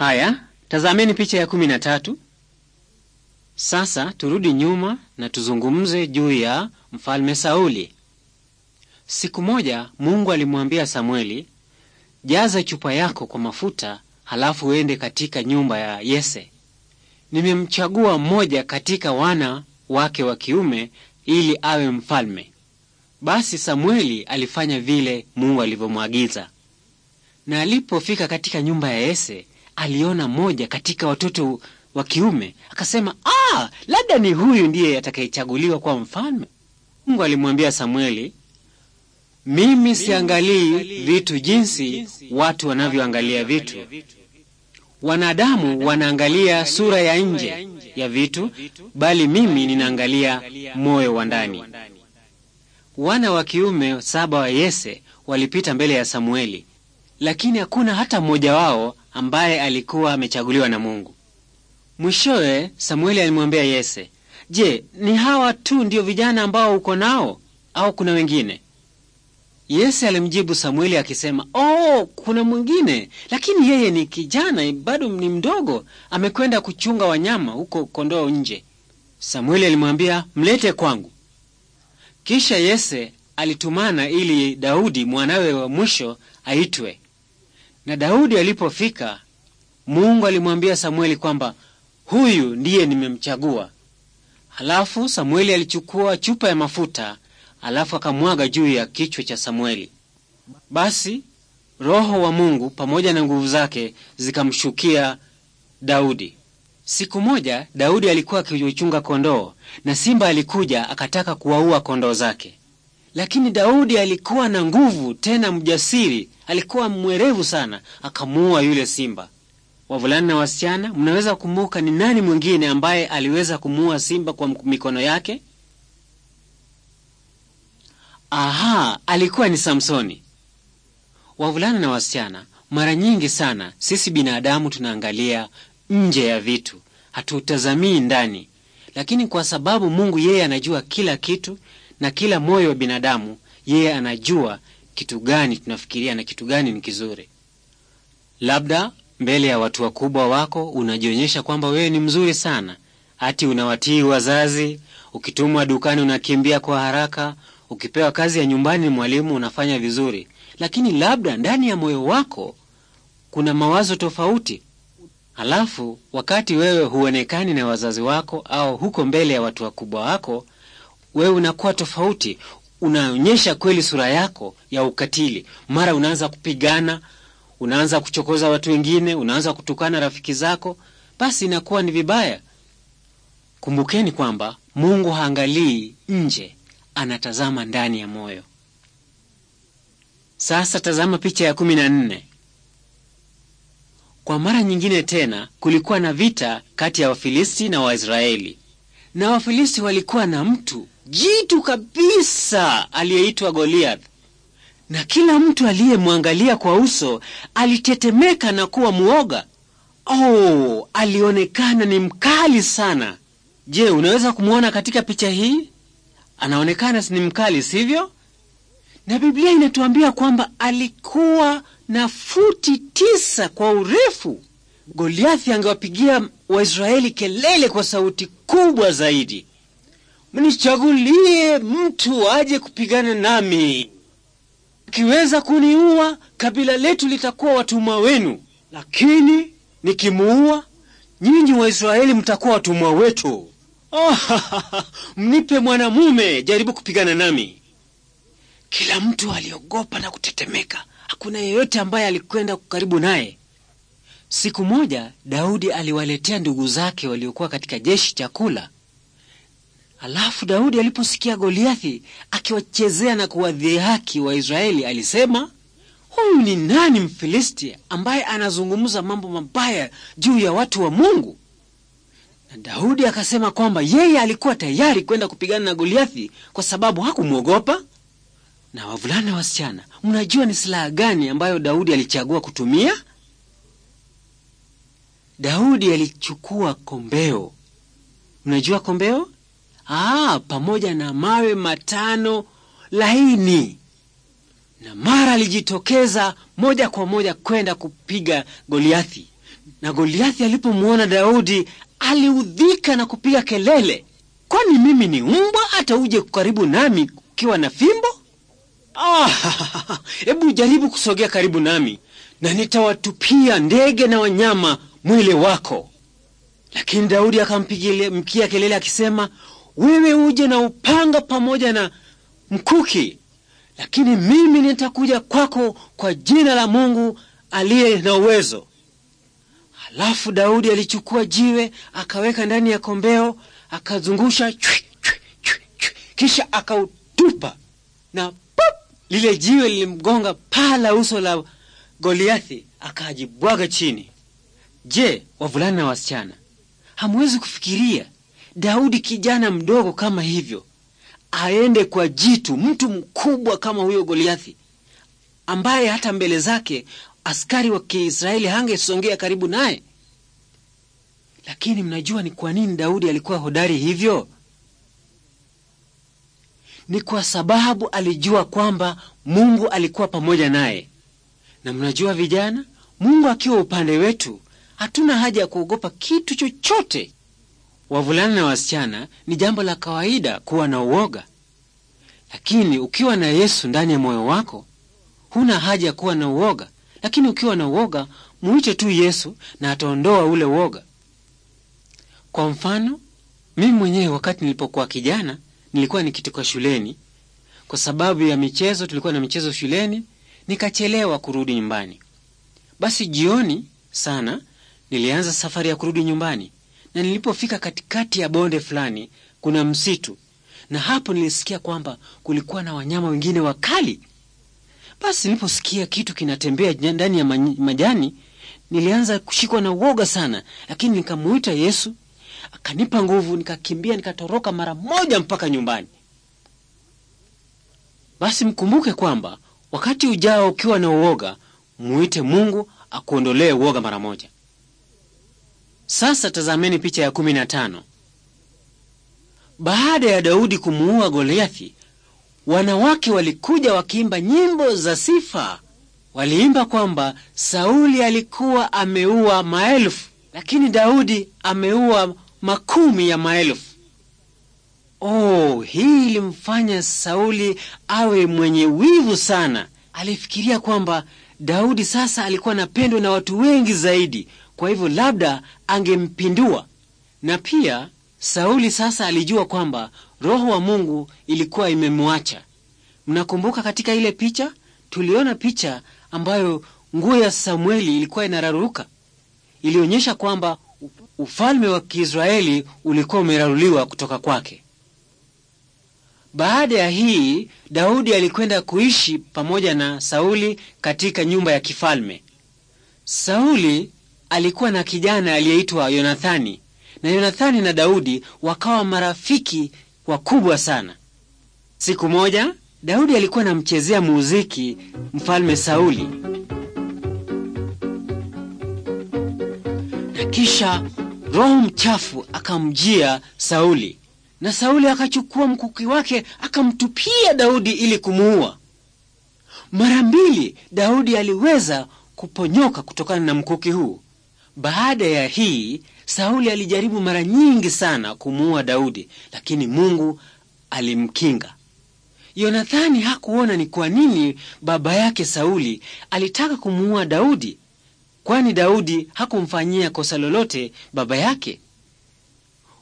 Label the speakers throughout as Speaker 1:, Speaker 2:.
Speaker 1: Haya, tazameni picha ya kumi na tatu. Sasa turudi nyuma na tuzungumze juu ya mfalme Sauli. Siku moja Mungu alimwambia Samueli, jaza chupa yako kwa mafuta, halafu uende katika nyumba ya Yese. Nimemchagua mmoja katika wana wake wa kiume ili awe mfalme. Basi Samueli alifanya vile Mungu alivyomwagiza, na alipofika katika nyumba ya Yese aliona moja katika watoto wa kiume akasema, ah, labda ni huyu ndiye atakayechaguliwa kwa mfalme. Mungu alimwambia Samueli, mimi siangalii vitu jinsi watu wanavyoangalia vitu. Wanadamu wanaangalia sura ya nje ya vitu, bali mimi ninaangalia moyo wa ndani. Wana wa kiume saba wa Yese walipita mbele ya Samueli, lakini hakuna hata mmoja wao ambaye alikuwa amechaguliwa na Mungu. Mwishowe Samueli alimwambia Yese, je, ni hawa tu ndio vijana ambao uko nao au kuna wengine? Yese alimjibu Samueli akisema, oh, kuna mwingine, lakini yeye ni kijana, bado ni mdogo, amekwenda kuchunga wanyama huko kondoo nje. Samueli alimwambia, mlete kwangu. Kisha Yese alitumana ili Daudi mwanawe wa mwisho aitwe. Na Daudi alipofika, Mungu alimwambia Samueli kwamba huyu ndiye nimemchagua. Halafu Samueli alichukua chupa ya mafuta, alafu akamwaga juu ya kichwa cha Samueli. Basi Roho wa Mungu pamoja na nguvu zake zikamshukia Daudi. Siku moja Daudi alikuwa akiuchunga kondoo na simba alikuja akataka kuwaua kondoo zake. Lakini Daudi alikuwa na nguvu tena mjasiri, alikuwa mwerevu sana, akamuua yule simba. Wavulana na wasichana, mnaweza kumuka ni nani mwingine ambaye aliweza kumuua simba kwa mikono yake? Aha, alikuwa ni Samsoni. Wavulana na wasichana, mara nyingi sana sisi binadamu tunaangalia nje ya vitu, hatutazamii ndani, lakini kwa sababu Mungu yeye anajua kila kitu na kila moyo wa binadamu yeye anajua kitu gani tunafikiria na kitu gani ni kizuri. Labda mbele ya watu wakubwa wako unajionyesha kwamba wewe ni mzuri sana, hati unawatii wazazi, ukitumwa dukani unakimbia kwa haraka, ukipewa kazi ya nyumbani mwalimu unafanya vizuri, lakini labda ndani ya moyo wako kuna mawazo tofauti. alafu wakati wewe huonekani na wazazi wako au huko mbele ya watu wakubwa wako wewe unakuwa tofauti, unaonyesha kweli sura yako ya ukatili. Mara unaanza kupigana, unaanza kuchokoza watu wengine, unaanza kutukana rafiki zako, basi inakuwa ni vibaya. Kumbukeni kwamba Mungu haangalii nje, anatazama ndani ya moyo. Sasa tazama picha ya kumi na nne. Kwa mara nyingine tena kulikuwa na vita kati ya Wafilisti na Waisraeli, na Wafilisti walikuwa na mtu jitu kabisa aliyeitwa Goliath, na kila mtu aliyemwangalia kwa uso alitetemeka na kuwa mwoga. Oh, alionekana ni mkali sana. Je, unaweza kumwona katika picha hii? Anaonekana ni mkali, sivyo? Na Biblia inatuambia kwamba alikuwa na futi tisa kwa urefu. Goliathi angewapigia Waisraeli kelele kwa sauti kubwa zaidi mnichagulie mtu aje kupigana nami. Akiweza kuniua, kabila letu litakuwa watumwa wenu, lakini nikimuua, nyinyi Waisraeli mtakuwa watumwa wetu. Oh, mnipe mwanamume, jaribu kupigana nami. Kila mtu aliogopa na kutetemeka. Hakuna yeyote ambaye alikwenda karibu naye. Siku moja Daudi aliwaletea ndugu zake waliokuwa katika jeshi chakula Alafu Daudi aliposikia Goliathi akiwachezea na kuwadhihaki Waisraeli alisema, huyu ni nani mfilisti ambaye anazungumza mambo mabaya juu ya watu wa Mungu? Na Daudi akasema kwamba yeye alikuwa tayari kwenda kupigana na Goliathi kwa sababu hakumwogopa. Na wavulana wasichana, mnajua ni silaha gani ambayo Daudi alichagua kutumia? Daudi alichukua kombeo. Mnajua kombeo? Aa, ah, pamoja na mawe matano laini, na mara alijitokeza moja kwa moja kwenda kupiga Goliathi. Na Goliathi alipomwona Daudi aliudhika na kupiga kelele, kwani mimi ni umbwa hata uje karibu nami ukiwa na fimbo? Ah, hebu ah, jaribu kusogea karibu nami na nitawatupia ndege na wanyama mwili wako. Lakini Daudi akampigia mkia kelele akisema, wewe uje na upanga pamoja na mkuki, lakini mimi nitakuja kwako kwa jina la Mungu aliye na uwezo. Halafu Daudi alichukua jiwe akaweka ndani ya kombeo, akazungusha chwi, chwi, chwi, chwi, kisha akautupa na pop, lile jiwe lilimgonga paa la uso la Goliathi, akajibwaga chini. Je, wavulana na wasichana, hamwezi kufikiria Daudi kijana mdogo kama hivyo aende kwa jitu mtu mkubwa kama huyo Goliathi ambaye hata mbele zake askari wa Kiisraeli hangesongea karibu naye. Lakini mnajua ni kwa nini Daudi alikuwa hodari hivyo? Ni kwa sababu alijua kwamba Mungu alikuwa pamoja naye. Na mnajua vijana, Mungu akiwa upande wetu, hatuna haja ya kuogopa kitu chochote wavulana na wasichana, ni jambo la kawaida kuwa na uoga, lakini ukiwa na Yesu ndani ya moyo wako huna haja ya kuwa na uoga. Lakini ukiwa na uoga, muite tu Yesu na ataondoa ule uoga. Kwa mfano, mimi mwenyewe wakati nilipokuwa kijana nilikuwa nikitoka shuleni, kwa sababu ya michezo, tulikuwa na michezo shuleni, nikachelewa kurudi nyumbani. Basi jioni sana nilianza safari ya kurudi nyumbani na nilipofika katikati ya bonde fulani kuna msitu, na hapo nilisikia kwamba kulikuwa na wanyama wengine wakali. Basi niliposikia kitu kinatembea ndani ya majani, nilianza kushikwa na uoga sana, lakini nikamuita Yesu akanipa nguvu, nikakimbia nikatoroka mara moja mpaka nyumbani. Basi mkumbuke kwamba wakati ujao ukiwa na uoga, muite Mungu akuondolee uoga mara moja. Sasa tazameni picha ya kumi na tano. Baada ya Daudi kumuua Goliathi, wanawake walikuja wakiimba nyimbo za sifa. Waliimba kwamba Sauli alikuwa ameua maelfu, lakini Daudi ameua makumi ya maelfu. Oh, hii ilimfanya Sauli awe mwenye wivu sana. Alifikiria kwamba Daudi sasa alikuwa anapendwa na watu wengi zaidi kwa hivyo labda angempindua. Na pia Sauli sasa alijua kwamba roho wa Mungu ilikuwa imemwacha. Mnakumbuka katika ile picha tuliona picha ambayo nguo ya Samueli ilikuwa inararuka, ilionyesha kwamba ufalme wa Kiisraeli ulikuwa umeraruliwa kutoka kwake. Baada ya hii, Daudi alikwenda kuishi pamoja na Sauli katika nyumba ya kifalme. Sauli alikuwa na kijana aliyeitwa Yonathani, na Yonathani na Daudi wakawa marafiki wakubwa sana. Siku moja Daudi alikuwa anamchezea muziki mfalme Sauli, na kisha roho mchafu akamjia Sauli, na Sauli akachukua mkuki wake akamtupia Daudi ili kumuua. Mara mbili Daudi aliweza kuponyoka kutokana na mkuki huu. Baada ya hii, Sauli alijaribu mara nyingi sana kumuua Daudi, lakini Mungu alimkinga. Yonathani hakuona ni kwa nini baba yake Sauli alitaka kumuua Daudi, kwani Daudi hakumfanyia kosa lolote baba yake.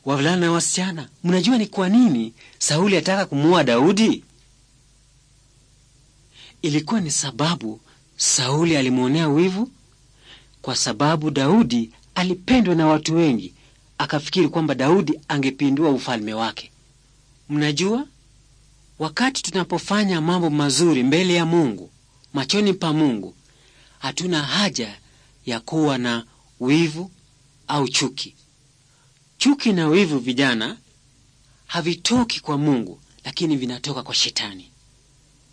Speaker 1: Wavulana na wasichana, mnajua ni kwa nini Sauli ataka kumuua Daudi? Ilikuwa ni sababu Sauli alimwonea wivu kwa sababu Daudi alipendwa na watu wengi, akafikiri kwamba Daudi angepindua ufalme wake. Mnajua, wakati tunapofanya mambo mazuri mbele ya Mungu, machoni pa Mungu, hatuna haja ya kuwa na wivu au chuki. Chuki na wivu, vijana, havitoki kwa Mungu, lakini vinatoka kwa Shetani.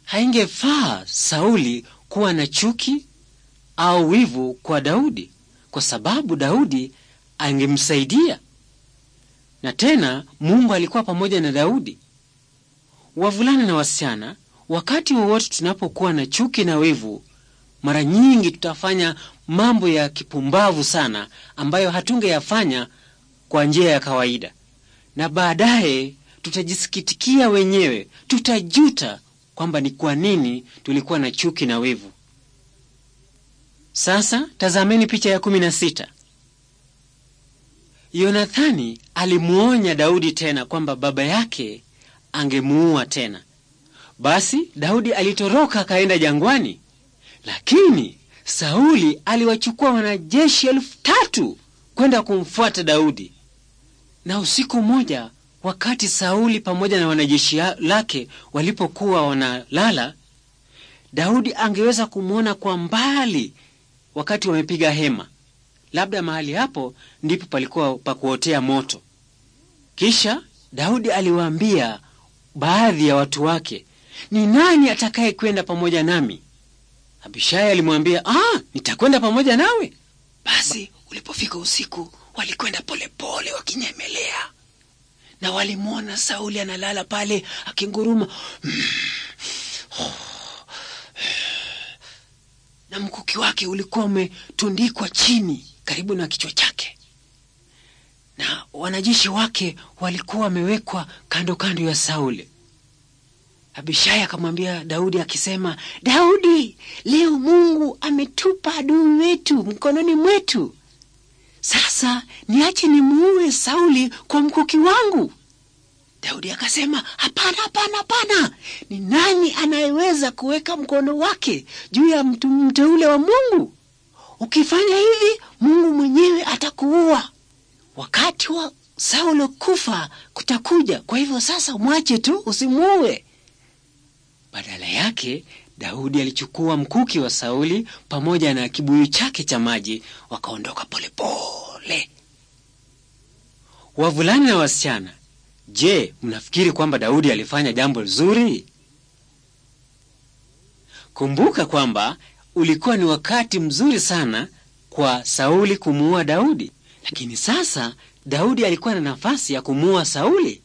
Speaker 1: Haingefaa Sauli kuwa na chuki au wivu kwa Daudi, kwa sababu Daudi angemsaidia na tena Mungu alikuwa pamoja na Daudi. Wavulana na wasichana, wakati wowote tunapokuwa na chuki na wivu, mara nyingi tutafanya mambo ya kipumbavu sana ambayo hatungeyafanya kwa njia ya kawaida, na baadaye tutajisikitikia wenyewe, tutajuta kwamba ni kwa nini tulikuwa na chuki na wivu. Sasa tazameni picha ya kumi na sita. Yonathani alimuonya Daudi tena kwamba baba yake angemuua tena. Basi Daudi alitoroka akaenda jangwani, lakini Sauli aliwachukua wanajeshi elfu tatu kwenda kumfuata Daudi. Na usiku mmoja, wakati Sauli pamoja na wanajeshi lake walipokuwa wanalala, Daudi angeweza kumwona kwa mbali wakati wamepiga hema. Labda mahali hapo ndipo palikuwa pa kuotea moto. Kisha Daudi aliwaambia baadhi ya watu wake, ni nani atakaye kwenda pamoja nami? Abishai alimwambia, ah, nitakwenda pamoja nawe. Basi ulipofika usiku, walikwenda polepole wakinyemelea, na walimwona Sauli analala pale akinguruma. Mm. Oh na mkuki wake ulikuwa umetundikwa chini karibu na kichwa chake, na wanajeshi wake walikuwa wamewekwa kando kando ya Sauli. Abishai akamwambia Daudi akisema, Daudi, leo Mungu ametupa adui wetu mkononi mwetu. Sasa niache nimuue Sauli kwa mkuki wangu. Daudi akasema, hapana, hapana, hapana! Ni nani anayeweza kuweka mkono wake juu ya mtu mteule wa Mungu? Ukifanya hivi, Mungu mwenyewe atakuua. Wakati wa Saulo kufa kutakuja, kwa hivyo sasa mwache tu, usimuue. Badala yake Daudi alichukua mkuki wa Sauli pamoja na kibuyu chake cha maji, wakaondoka polepole. Wavulana na wasichana Je, mnafikiri kwamba Daudi alifanya jambo zuri? Kumbuka kwamba ulikuwa ni wakati mzuri sana kwa Sauli kumuua Daudi, lakini sasa Daudi alikuwa na nafasi ya kumuua Sauli.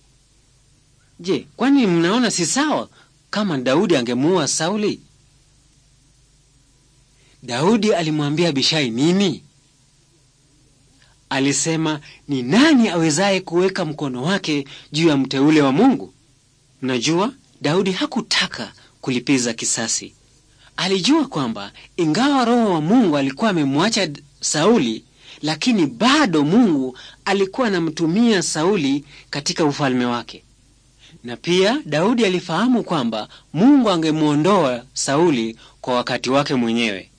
Speaker 1: Je, kwani mnaona si sawa kama Daudi angemuua Sauli? Daudi alimwambia Abishai nini? alisema, ni nani awezaye kuweka mkono wake juu ya mteule wa Mungu? Mnajua, Daudi hakutaka kulipiza kisasi. Alijua kwamba ingawa Roho wa Mungu alikuwa amemwacha Sauli, lakini bado Mungu alikuwa anamtumia Sauli katika ufalme wake. Na pia Daudi alifahamu kwamba Mungu angemwondoa Sauli kwa wakati wake mwenyewe.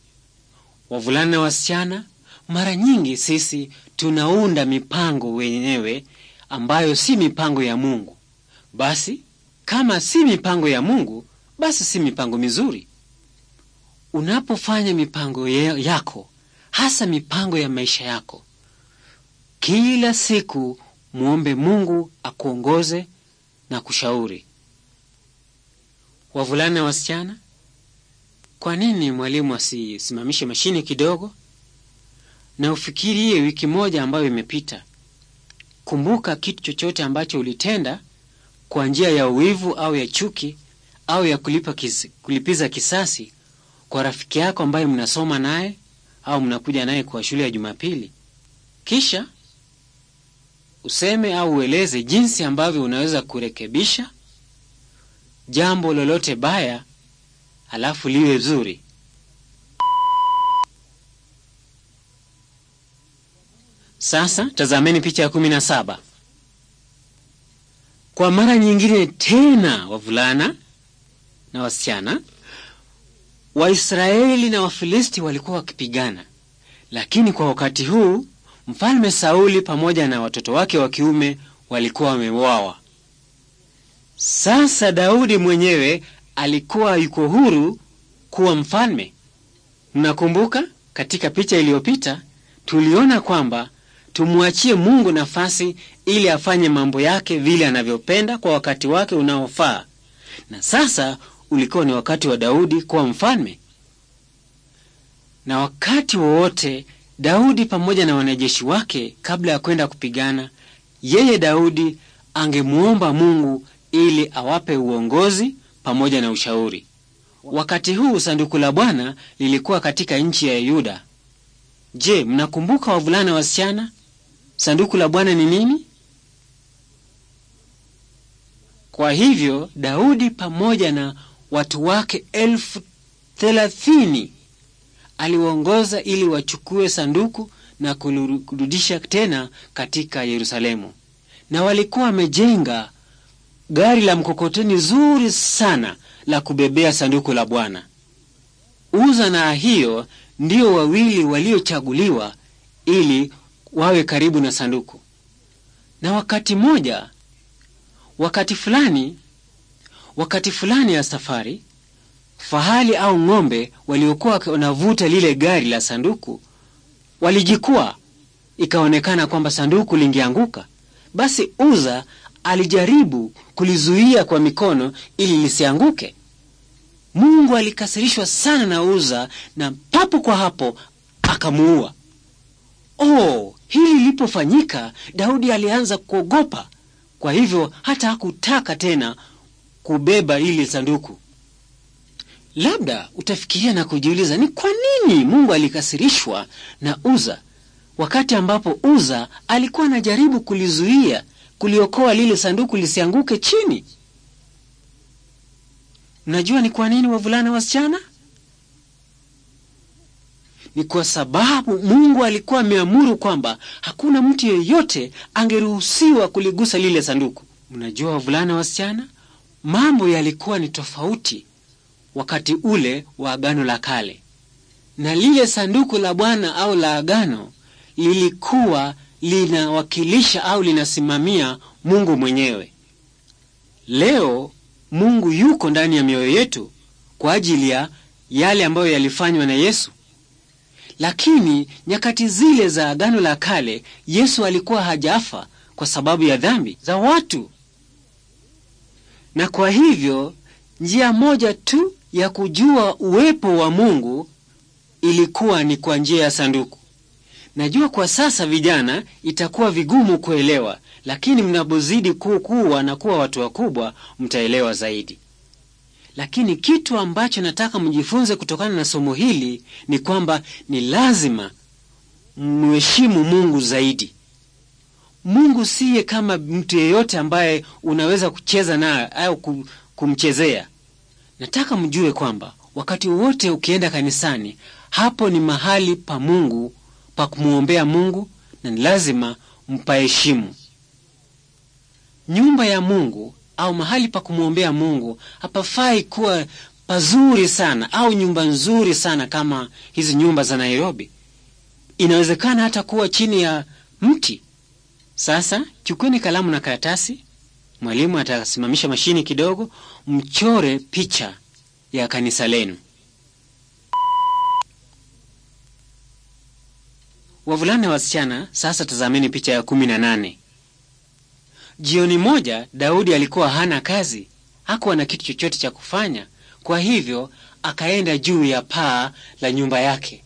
Speaker 1: Wavulana na wasichana, mara nyingi sisi tunaunda mipango wenyewe ambayo si mipango ya Mungu. Basi kama si mipango ya Mungu, basi si mipango mizuri. Unapofanya mipango yako, hasa mipango ya maisha yako, kila siku muombe Mungu akuongoze na kushauri. Wavulana wasichana, kwa nini mwalimu asisimamishe mashine kidogo na ufikirie wiki moja ambayo imepita. Kumbuka kitu chochote ambacho ulitenda kwa njia ya uwivu au ya chuki au ya kulipa kis, kulipiza kisasi kwa rafiki yako ambaye mnasoma naye au mnakuja naye kwa shule ya Jumapili. Kisha useme au ueleze jinsi ambavyo unaweza kurekebisha jambo lolote baya, alafu liwe zuri. Sasa tazameni picha ya kumi na saba. Kwa mara nyingine tena wavulana na wasichana Waisraeli na Wafilisti walikuwa wakipigana, lakini kwa wakati huu mfalme Sauli pamoja na watoto wake wa kiume walikuwa wameuawa. Sasa Daudi mwenyewe alikuwa yuko huru kuwa mfalme. Mnakumbuka katika picha iliyopita tuliona kwamba Tumwachie Mungu nafasi ili afanye mambo yake vile anavyopenda kwa wakati wake unaofaa. Na sasa ulikuwa ni wakati wa Daudi kuwa mfalme, na wakati wowote Daudi pamoja na wanajeshi wake, kabla ya kwenda kupigana, yeye Daudi angemwomba Mungu ili awape uongozi pamoja na ushauri. Wakati huu sanduku la Bwana lilikuwa katika nchi ya Yuda. Je, mnakumbuka wavulana wasichana Sanduku la Bwana ni nini? Kwa hivyo Daudi pamoja na watu wake elfu thelathini aliwaongoza ili wachukue sanduku na kulirudisha tena katika Yerusalemu, na walikuwa wamejenga gari la mkokoteni zuri sana la kubebea sanduku la Bwana. Uza na Ahio ndio wawili waliochaguliwa ili wawe karibu na sanduku. Na wakati mmoja, wakati fulani, wakati fulani ya safari, fahali au ng'ombe waliokuwa wanavuta lile gari la sanduku walijikua, ikaonekana kwamba sanduku lingeanguka. Basi Uza alijaribu kulizuia kwa mikono ili lisianguke. Mungu alikasirishwa sana na Uza na papo kwa hapo akamuua. Oh, Hili lilipofanyika, Daudi alianza kuogopa, kwa hivyo hata hakutaka tena kubeba ile sanduku. Labda utafikiria na kujiuliza ni kwa nini Mungu alikasirishwa na Uza wakati ambapo Uza alikuwa anajaribu kulizuia kuliokoa lile sanduku lisianguke chini. unajua ni kwa nini wavulana wasichana? ni kwa sababu Mungu alikuwa ameamuru kwamba hakuna mtu yeyote angeruhusiwa kuligusa lile sanduku. Mnajua wavulana, wasichana, mambo yalikuwa ni tofauti wakati ule wa Agano la Kale, na lile sanduku la Bwana au la Agano lilikuwa linawakilisha au linasimamia Mungu mwenyewe. Leo Mungu yuko ndani ya mioyo yetu kwa ajili ya yale ambayo yalifanywa na Yesu. Lakini nyakati zile za Agano la Kale, Yesu alikuwa hajafa kwa sababu ya dhambi za watu, na kwa hivyo njia moja tu ya kujua uwepo wa Mungu ilikuwa ni kwa njia ya sanduku. Najua kwa sasa vijana itakuwa vigumu kuelewa, lakini mnapozidi kuukuwa na kuwa watu wakubwa mtaelewa zaidi. Lakini kitu ambacho nataka mjifunze kutokana na somo hili ni kwamba ni lazima mheshimu Mungu zaidi. Mungu siye kama mtu yeyote ambaye unaweza kucheza naye au kumchezea. Nataka mjue kwamba wakati wote ukienda kanisani, hapo ni mahali pa Mungu pa kumwombea Mungu na ni lazima mpaheshimu. Nyumba ya Mungu au mahali pa kumwombea Mungu hapafai kuwa pazuri sana au nyumba nzuri sana kama hizi nyumba za Nairobi. Inawezekana hata kuwa chini ya mti. Sasa chukweni kalamu na karatasi, mwalimu atasimamisha mashini kidogo, mchore picha ya kanisa lenu. Wavulana wasichana, sasa tazameni picha ya kumi na nane. Jioni moja Daudi alikuwa hana kazi, hakuwa na kitu chochote cha kufanya. Kwa hivyo akaenda juu ya paa la nyumba yake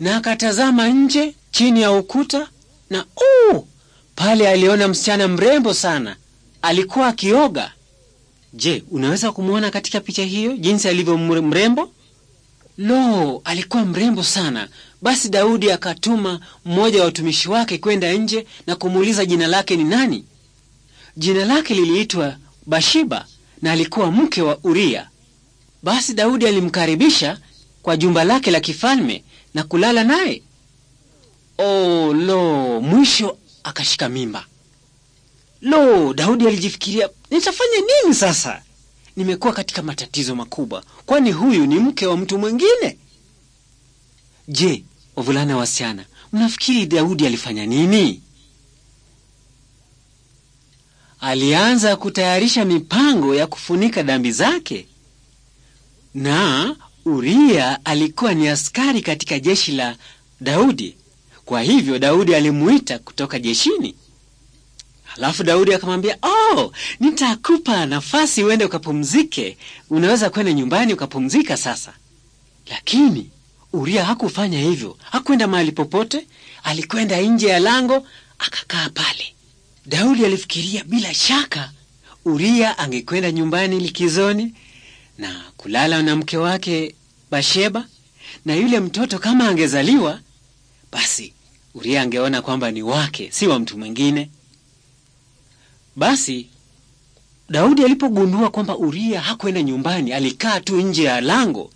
Speaker 1: na akatazama nje chini ya ukuta, na uu, pale aliona msichana mrembo sana alikuwa akioga. Je, unaweza kumwona katika picha hiyo jinsi alivyo mrembo? Lo, alikuwa mrembo sana. Basi Daudi akatuma mmoja wa watumishi wake kwenda nje na kumuuliza jina lake ni nani. Jina lake liliitwa Bashiba na alikuwa mke wa Uria. Basi Daudi alimkaribisha kwa jumba lake la kifalme na kulala naye. Oh, lo! Mwisho akashika mimba. Lo, Daudi alijifikiria, nitafanya nini sasa? Nimekuwa katika matatizo makubwa, kwani huyu ni mke wa mtu mwingine. Je, wavulana wasichana, mnafikiri Daudi alifanya nini? alianza kutayarisha mipango ya kufunika dhambi zake. Na Uria alikuwa ni askari katika jeshi la Daudi. Kwa hivyo Daudi alimuita kutoka jeshini. alafu Daudi akamwambia, oh, nitakupa nafasi uende ukapumzike, unaweza kwenda nyumbani ukapumzika sasa. Lakini Uria hakufanya hivyo, hakwenda mahali popote, alikwenda nje ya lango akakaa pale. Daudi alifikiria bila shaka Uria angekwenda nyumbani likizoni na kulala na mke wake Basheba, na yule mtoto kama angezaliwa, basi Uria angeona kwamba ni wake, si wa mtu mwingine. Basi Daudi alipogundua kwamba Uria hakwenda nyumbani, alikaa tu nje ya lango,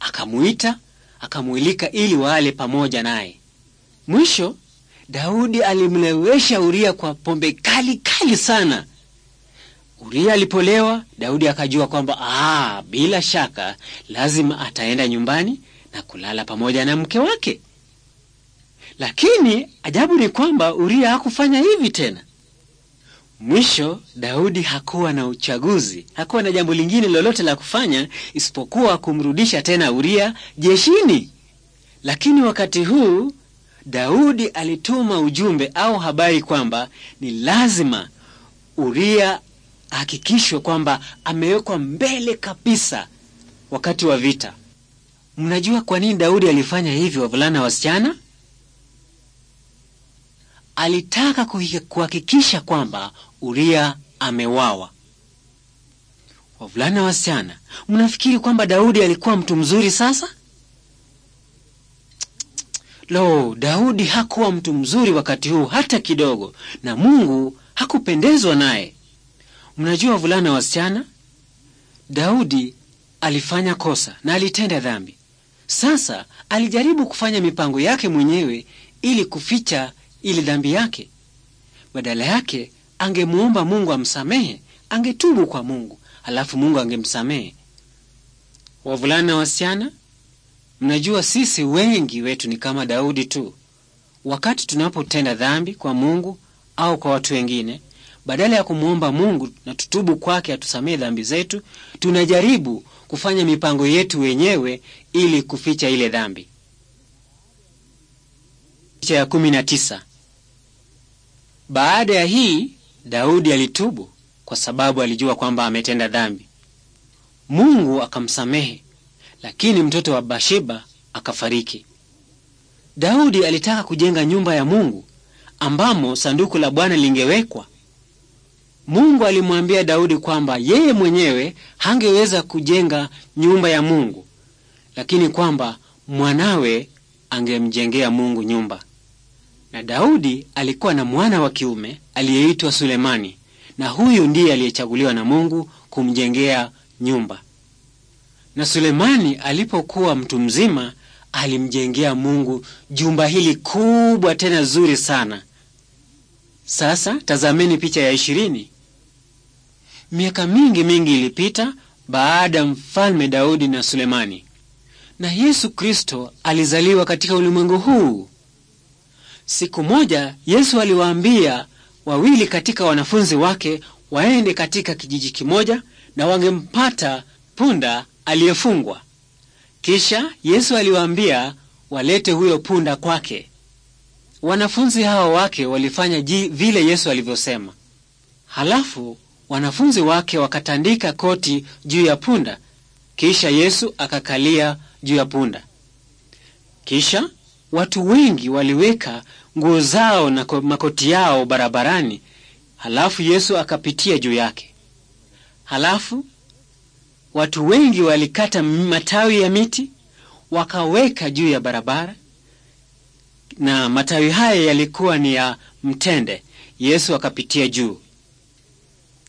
Speaker 1: akamuita, akamuilika ili waale pamoja naye. Mwisho Daudi alimlewesha Uria kwa pombe kali kali sana. Uria alipolewa, Daudi akajua kwamba ah, bila shaka lazima ataenda nyumbani na kulala pamoja na mke wake. Lakini ajabu ni kwamba Uria hakufanya hivi tena. Mwisho Daudi hakuwa na uchaguzi, hakuwa na jambo lingine lolote la kufanya isipokuwa kumrudisha tena Uria jeshini. Lakini wakati huu Daudi alituma ujumbe au habari kwamba ni lazima Uria ahakikishwe kwamba amewekwa mbele kabisa wakati wa vita. Mnajua kwa nini Daudi alifanya hivyo, wavulana wasichana? Alitaka kuhakikisha kwamba Uria amewawa. Wavulana wasichana, mnafikiri kwamba Daudi alikuwa mtu mzuri sasa? Lo, Daudi hakuwa mtu mzuri wakati huu hata kidogo, na Mungu hakupendezwa naye. Mnajua wavulana, wasichana, Daudi alifanya kosa na alitenda dhambi. Sasa alijaribu kufanya mipango yake mwenyewe ili kuficha ile dhambi yake. Badala yake angemwomba Mungu amsamehe, angetubu kwa Mungu, alafu Mungu angemsamehe. Wavulana, wasichana Mnajua sisi wengi wetu ni kama Daudi tu. Wakati tunapotenda dhambi kwa Mungu au kwa watu wengine, badala ya kumwomba Mungu na tutubu kwake atusamehe dhambi zetu, tunajaribu kufanya mipango yetu wenyewe ili kuficha ile dhambi. Ya kumi na tisa. Baada ya hii Daudi alitubu kwa sababu alijua kwamba ametenda dhambi. Mungu akamsamehe lakini mtoto wa Bathsheba akafariki. Daudi alitaka kujenga nyumba ya Mungu ambamo sanduku la Bwana lingewekwa. Mungu alimwambia Daudi kwamba yeye mwenyewe hangeweza kujenga nyumba ya Mungu, lakini kwamba mwanawe angemjengea Mungu nyumba. Na Daudi alikuwa na mwana wa kiume aliyeitwa Sulemani, na huyu ndiye aliyechaguliwa na Mungu kumjengea nyumba. Na Sulemani alipokuwa mtu mzima alimjengea Mungu jumba hili kubwa tena zuri sana. Sasa tazameni picha ya ishirini. Miaka mingi mingi ilipita baada ya mfalme Daudi na Sulemani, na Yesu Kristo alizaliwa katika ulimwengu huu. Siku moja Yesu aliwaambia wawili katika wanafunzi wake waende katika kijiji kimoja, na wangempata punda aliyefungwa. Kisha Yesu aliwaambia walete huyo punda kwake. Wanafunzi hao wake walifanya ji vile Yesu alivyosema. Halafu wanafunzi wake wakatandika koti juu ya punda, kisha Yesu akakalia juu ya punda. Kisha watu wengi waliweka nguo zao na makoti yao barabarani, halafu Yesu akapitia juu yake. Halafu Watu wengi walikata matawi ya miti wakaweka juu ya barabara, na matawi haya yalikuwa ni ya mtende. Yesu akapitia juu.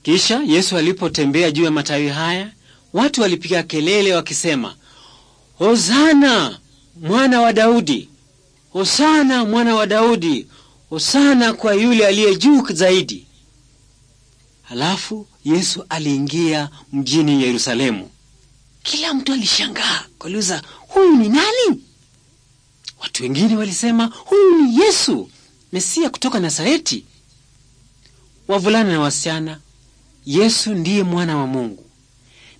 Speaker 1: Kisha Yesu alipotembea juu ya matawi haya, watu walipiga kelele wakisema, Hosana mwana wa Daudi, Hosana mwana wa Daudi, Hosana kwa yule aliye juu zaidi. Halafu Yesu aliingia mjini Yerusalemu. Kila mtu alishangaa kuuliza, huyu ni nani? Watu wengine walisema huyu ni Yesu Mesia kutoka Nazareti. Wavulana na wasichana, Yesu ndiye mwana wa Mungu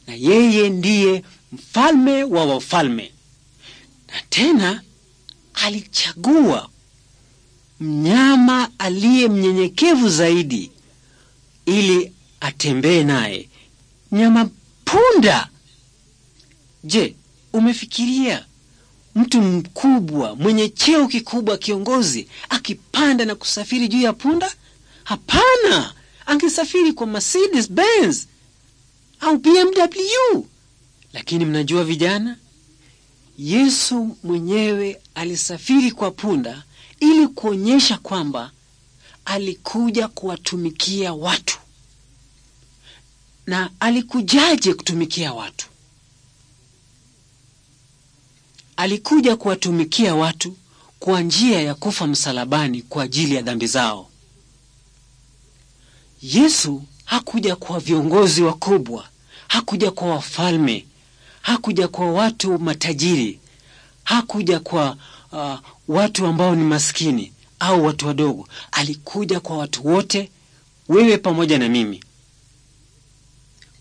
Speaker 1: na yeye ndiye mfalme wa wafalme, na tena alichagua mnyama aliye mnyenyekevu zaidi ili atembee naye. Nyama punda! Je, umefikiria mtu mkubwa mwenye cheo kikubwa, kiongozi akipanda na kusafiri juu ya punda? Hapana, angesafiri kwa Mercedes Benz au BMW. Lakini mnajua vijana, Yesu mwenyewe alisafiri kwa punda ili kuonyesha kwamba alikuja kuwatumikia watu na alikujaje kutumikia watu? Alikuja kuwatumikia watu kwa njia ya kufa msalabani kwa ajili ya dhambi zao. Yesu hakuja kwa viongozi wakubwa, hakuja kwa wafalme, hakuja kwa watu matajiri, hakuja kwa uh, watu ambao ni maskini au watu wadogo. Alikuja kwa watu wote, wewe pamoja na mimi.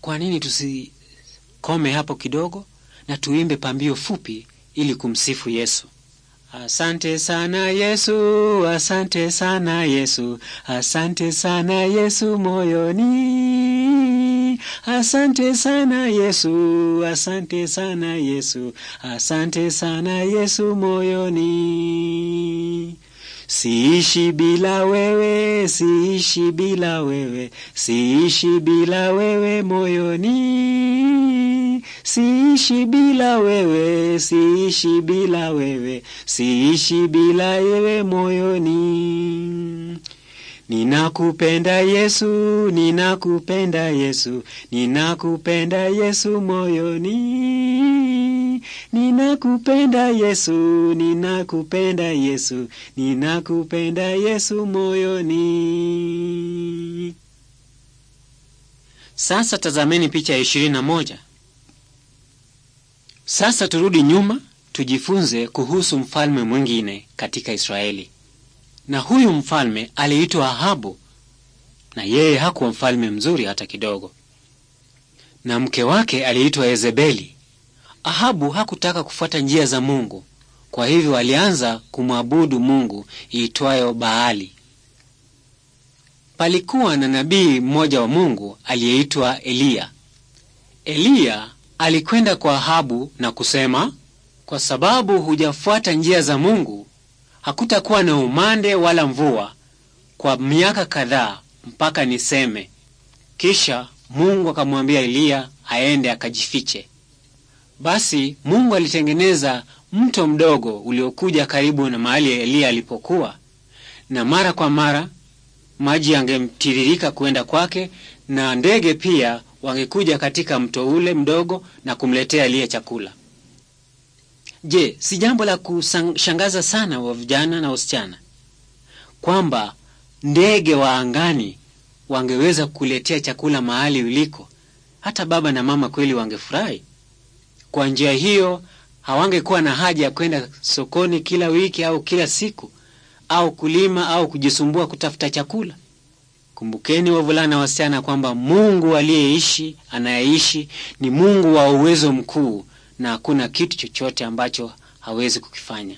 Speaker 1: Kwa nini tusikome hapo kidogo na tuimbe pambio fupi ili kumsifu Yesu? Asante sana Yesu, asante sana Yesu, asante sana Yesu moyoni. Asante sana Yesu, asante sana Yesu, asante sana Yesu moyoni. Siishi bila wewe, siishi bila wewe, siishi bila wewe moyoni. Siishi bila wewe, siishi bila wewe, siishi bila wewe moyoni. Ninakupenda Yesu, ninakupenda Yesu, ninakupenda Yesu moyoni. Ninakupenda Yesu, ninakupenda Yesu, ninakupenda Yesu moyoni. Sasa tazameni picha ya ishirini na moja. Sasa turudi nyuma tujifunze kuhusu mfalme mwingine katika Israeli, na huyu mfalme aliitwa Ahabu, na yeye hakuwa mfalme mzuri hata kidogo, na mke wake aliitwa Yezebeli. Ahabu hakutaka kufuata njia za Mungu, kwa hivyo alianza kumwabudu mungu iitwayo Baali. Palikuwa na nabii mmoja wa Mungu aliyeitwa Eliya. Eliya alikwenda kwa Ahabu na kusema, kwa sababu hujafuata njia za Mungu, hakutakuwa na umande wala mvua kwa miaka kadhaa mpaka niseme. Kisha Mungu akamwambia Eliya aende akajifiche. Basi Mungu alitengeneza mto mdogo uliokuja karibu na mahali Eliya alipokuwa, na mara kwa mara maji yangemtiririka kwenda kwake, na ndege pia wangekuja katika mto ule mdogo na kumletea Eliya chakula. Je, si jambo la kushangaza sana wa vijana na wasichana kwamba ndege wa angani wangeweza kuletea chakula mahali uliko? Hata baba na mama kweli wangefurahi. Kwa njia hiyo hawangekuwa na haja ya kwenda sokoni kila wiki au kila siku au kulima au kujisumbua kutafuta chakula. Kumbukeni wavulana, wasichana, kwamba Mungu aliyeishi, anayeishi ni Mungu wa uwezo mkuu, na hakuna kitu chochote ambacho hawezi kukifanya.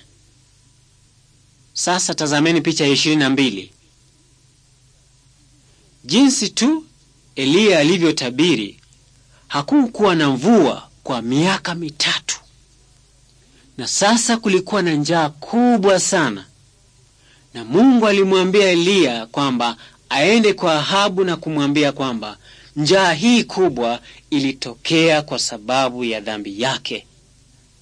Speaker 1: Sasa tazameni picha ya ishirini na mbili. Jinsi tu Eliya alivyotabiri hakukuwa na mvua kwa miaka mitatu, na sasa kulikuwa na njaa kubwa sana, na Mungu alimwambia Eliya kwamba aende kwa Ahabu na kumwambia kwamba njaa hii kubwa ilitokea kwa sababu ya dhambi yake.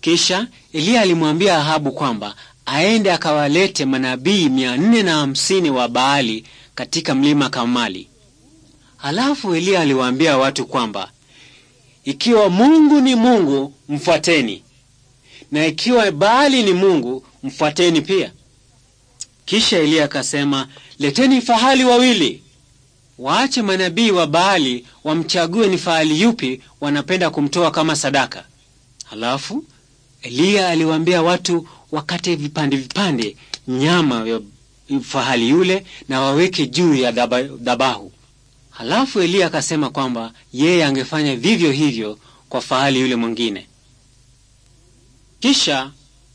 Speaker 1: Kisha Eliya alimwambia Ahabu kwamba aende akawalete manabii mia nne na hamsini wa Baali katika mlima Kamali. Halafu Eliya aliwaambia watu kwamba ikiwa Mungu ni Mungu, mfuateni, na ikiwa Baali ni mungu, mfuateni pia. Kisha Eliya akasema, leteni fahali wawili, waache manabii wa Baali wamchague ni fahali yupi wanapenda kumtoa kama sadaka. Halafu Eliya aliwaambia watu wakate vipande vipande nyama ya fahali yule na waweke juu ya dhabahu. Halafu Eliya akasema kwamba yeye angefanya vivyo hivyo kwa fahali yule mwingine. Kisha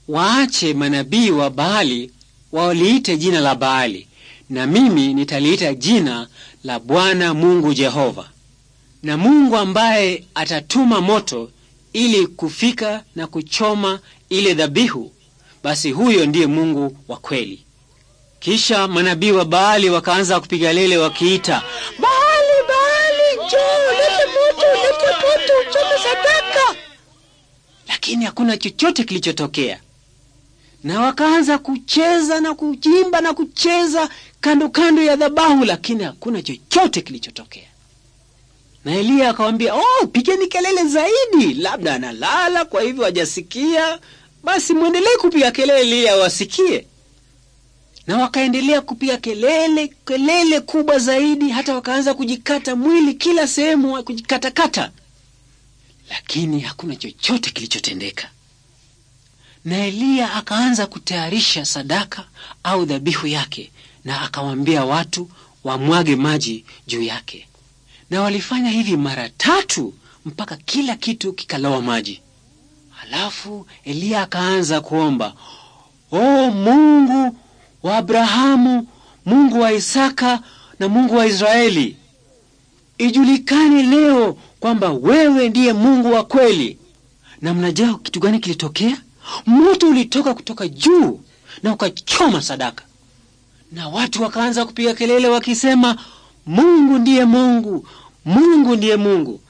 Speaker 1: waache manabii wa Baali waliite jina la Baali, na mimi nitaliita jina la Bwana Mungu Jehova, na Mungu ambaye atatuma moto ili kufika na kuchoma ile dhabihu, basi huyo ndiye Mungu wa kweli. Kisha manabii wa Baali wakaanza kupiga lele wakiita Baali! chochote sadaka, lakini hakuna chochote kilichotokea. Na wakaanza kucheza na kuchimba na kucheza kando kando ya dhabahu, lakini hakuna chochote kilichotokea. Na Eliya akawambia oh, pigeni kelele zaidi, labda analala, kwa hivyo hajasikia. Basi mwendelee kupiga kelele ili awasikie. Na wakaendelea kupiga kelele, kelele kubwa zaidi, hata wakaanza kujikata mwili kila sehemu, kujikatakata lakini hakuna chochote kilichotendeka. Na Eliya akaanza kutayarisha sadaka au dhabihu yake, na akawaambia watu wamwage maji juu yake, na walifanya hivi mara tatu mpaka kila kitu kikalowa maji. Halafu Eliya akaanza kuomba, O Mungu wa Abrahamu, Mungu wa Isaka na Mungu wa Israeli, ijulikane leo kwamba wewe ndiye Mungu wa kweli. Na mnajua kitu gani kilitokea? Moto ulitoka kutoka juu na ukachoma sadaka, na watu wakaanza kupiga kelele wakisema, Mungu ndiye Mungu, Mungu ndiye Mungu.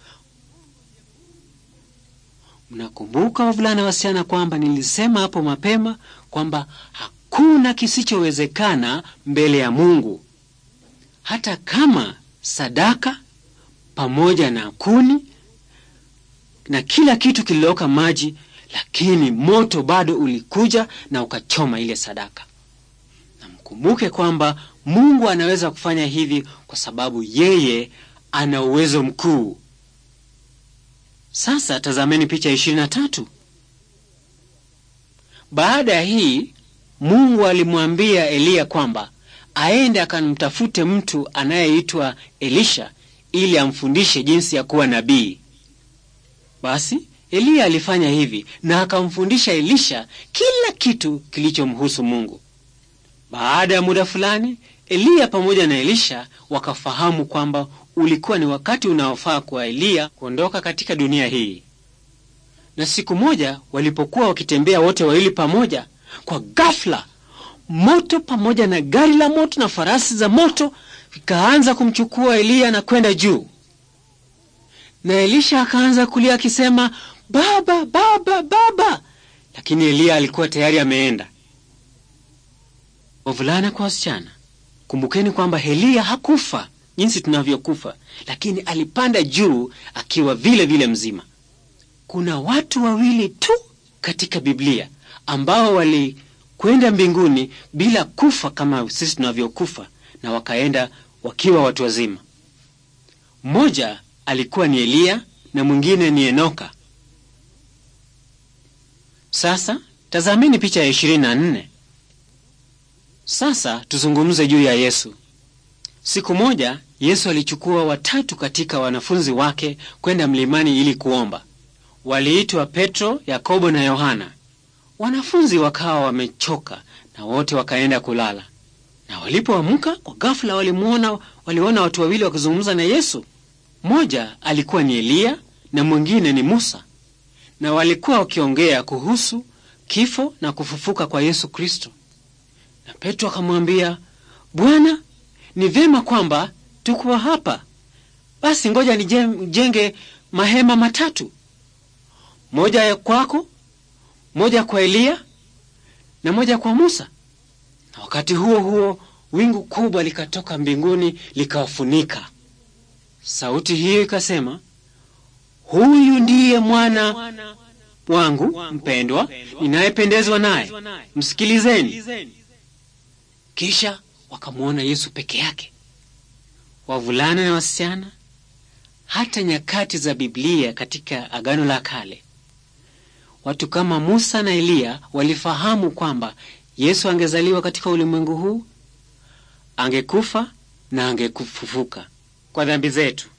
Speaker 1: Mnakumbuka wavulana, wasichana, kwamba nilisema hapo mapema kwamba hakuna kisichowezekana mbele ya Mungu, hata kama sadaka pamoja na kuni na kila kitu kililoka maji, lakini moto bado ulikuja na ukachoma ile sadaka. Na mkumbuke kwamba Mungu anaweza kufanya hivi kwa sababu yeye ana uwezo mkuu. Sasa tazameni picha ishirini na tatu. Baada ya hii Mungu alimwambia Eliya kwamba aende akamtafute mtu anayeitwa Elisha ili amfundishe jinsi ya kuwa nabii. Basi Eliya alifanya hivi na akamfundisha Elisha kila kitu kilichomhusu Mungu. Baada ya muda fulani, Eliya pamoja na Elisha wakafahamu kwamba ulikuwa ni wakati unaofaa kwa Eliya kuondoka katika dunia hii. Na siku moja walipokuwa wakitembea wote wawili pamoja, kwa ghafla moto pamoja na gari la moto na farasi za moto vikaanza kumchukua Eliya na kwenda juu, na Elisha akaanza kulia akisema, baba baba baba, lakini Eliya alikuwa tayari ameenda. Wavulana kwa wasichana, kumbukeni kwamba Eliya hakufa jinsi tunavyokufa, lakini alipanda juu akiwa vile vile mzima. Kuna watu wawili tu katika Biblia ambao wali kwenda mbinguni bila kufa kama sisi tunavyokufa, na wakaenda wakiwa watu wazima. Mmoja alikuwa ni Eliya na mwingine ni Enoka. Sasa tazameni picha ya nne. Sasa tuzungumze juu ya Yesu. Siku moja Yesu alichukua watatu katika wanafunzi wake kwenda mlimani ili kuomba. Waliitwa Petro, Yakobo na Yohana. Wanafunzi wakawa wamechoka na wote wakaenda kulala, na walipoamka kwa gafula walimuona, waliona watu wawili wakizungumza na Yesu. Mmoja alikuwa ni Eliya na mwingine ni Musa, na walikuwa wakiongea kuhusu kifo na kufufuka kwa Yesu Kristo. Na Petro akamwambia, Bwana, ni vyema kwamba tukuwa hapa, basi ngoja nijenge mahema matatu, moja kwako moja kwa Eliya na moja kwa Musa. Na wakati huo huo wingu kubwa likatoka mbinguni likawafunika. Sauti hiyo ikasema, huyu ndiye mwana wangu mpendwa, ninayependezwa naye, msikilizeni. Kisha wakamwona Yesu peke yake. Wavulana na wasichana, hata nyakati za Biblia katika Agano la Kale watu kama Musa na Eliya walifahamu kwamba Yesu angezaliwa katika ulimwengu huu, angekufa na angekufufuka kwa dhambi zetu.